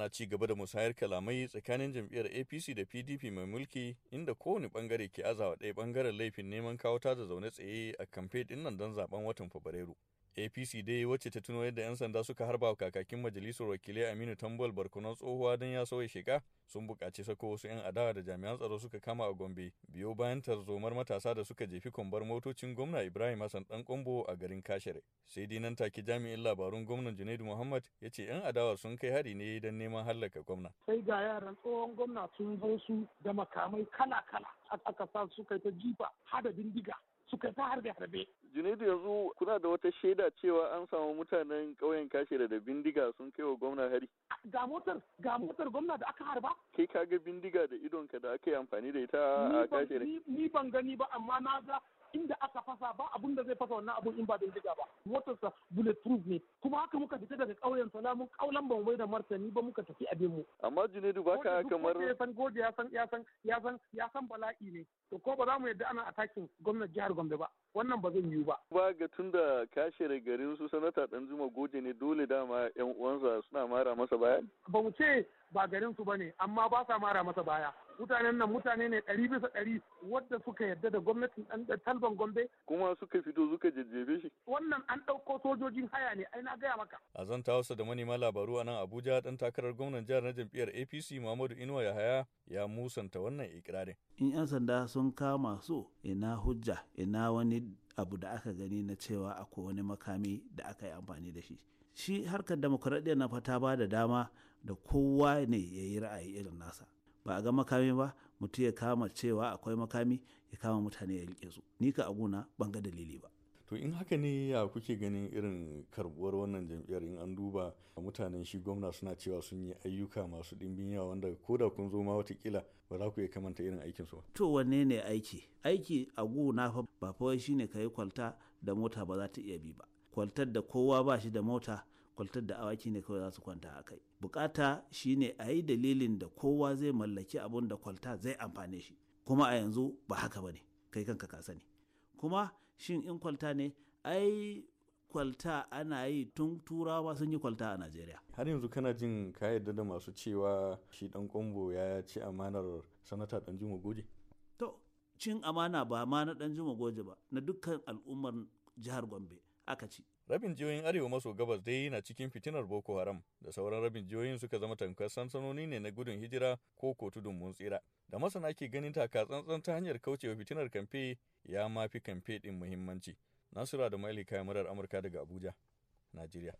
ana ci gaba da musayar kalamai tsakanin jam'iyyar apc da pdp mai mulki inda kowane bangare ke azawa ɗaya bangaren laifin neman kawo ta zaune tsaye a kamfe ɗin nan don zaben watan fabrairu apc dai wacce ta tuno yadda 'yan sanda suka harba kakakin majalisar wakilai aminu tambol barkunan tsohuwa don ya sauya sheka sun buƙaci sako wasu 'yan adawa da jami'an tsaro suka kama a gombe biyo bayan tarzomar matasa da suka jefi kwambar motocin gwamna ibrahim hassan dan kombo a garin kashere sai dai nan take jami'in labarun gwamnan junaidu muhammad ya ce 'yan adawa sun kai hari ne don neman hallaka gwamna sai ga yaran tsohon gwamna sun zo su da makamai kala kala aka sa suka ta jifa hada bindiga suka ta harbe harbe junaidu yanzu kuna da wata shaida cewa an samu mutanen kauyen kashe da bindiga sun kai wa gwamna hari ga motar ga motar gwamna da aka harba kai ka ga bindiga da idonka da aka yi amfani da ita a kashe ni ban gani ba amma na ga inda aka fasa ba abun da zai fasa wannan abun in ba bindiga ba motarsa bulletproof ne riga mun kaulan ban da martani ba muka tafi abin mu amma junaidu ba ka kamar ya san gode ya san ya san ya san ya san bala'i ne to ko ba za mu yadda ana atakin gwamnatin jihar Gombe ba wannan ba zan yiwu ba. Ba ga tun da kashe garin su sanata dan Danjuma Goje ne dole dama yan uwansa suna mara masa bayani. Ba mu ce ba garin su bane amma ba sa mara masa baya mutanen nan mutane ne ɗari bisa ɗari wadda suka yarda da gwamnatin ɗan talban gombe kuma suka fito suka jajjebe shi wannan an ɗauko sojojin haya ne ai na gaya maka a zanta wasu da manema labaru a nan abuja ɗan takarar gwamnan jihar na jam'iyyar apc muhammadu inuwa yahaya ya musanta wannan ikirarin in 'yan sanda sun kama so ina hujja ina wani abu da aka gani na cewa akwai wani makami da aka yi amfani da shi shi harkar demokuraɗiyya na fata ba da dama da kowa ne ya yi ra'ayi irin nasa ba a ga makami ba mutum ya kama cewa akwai makami ya kama mutane ya rike su ni ka aguna ban ga dalili ba To in haka ne ya kuke ganin irin karbuwar wannan jam'iyyar in an duba mutanen shi gwamna suna cewa sun yi ayyuka masu ɗimbin yawa wanda ko da kun zo ma watakila ba za ku iya kamanta irin aikin su To wanne ne aiki? Aiki a na fa ba fa shine ne kai kwalta da mota ba za ta iya bi ba. Kwaltar da kowa ba shi da mota kwaltar da awaki ne kawai za su kwanta a kai bukata shi ne a yi dalilin da kowa zai mallaki abun da kwalta zai amfane shi kuma a yanzu ba haka ba ne kai kanka ka sani kuma shin in kwalta ne ai kwalta ana yi tun turawa sun yi kwalta a najeriya har yanzu kana jin ka yarda da masu cewa shi dan kwambo ya ci amanar sanata dan jima goje to cin amana ba ma na dan jima goje ba na dukkan al'ummar jihar gombe aka ci Rabin jihohin Arewa maso gabas dai na cikin fitinar Boko Haram da sauran rabin jihohin suka zama tamkar sansanoni ne na gudun hijira ko ko tudun mun tsira. Da masana ke ganin taka tsantsan ta hanyar kaucewa fitinar kamfe ya mafi kamfe ɗin muhimmanci. Nasura da Maili kayan murar Amurka daga Abuja, Najeriya.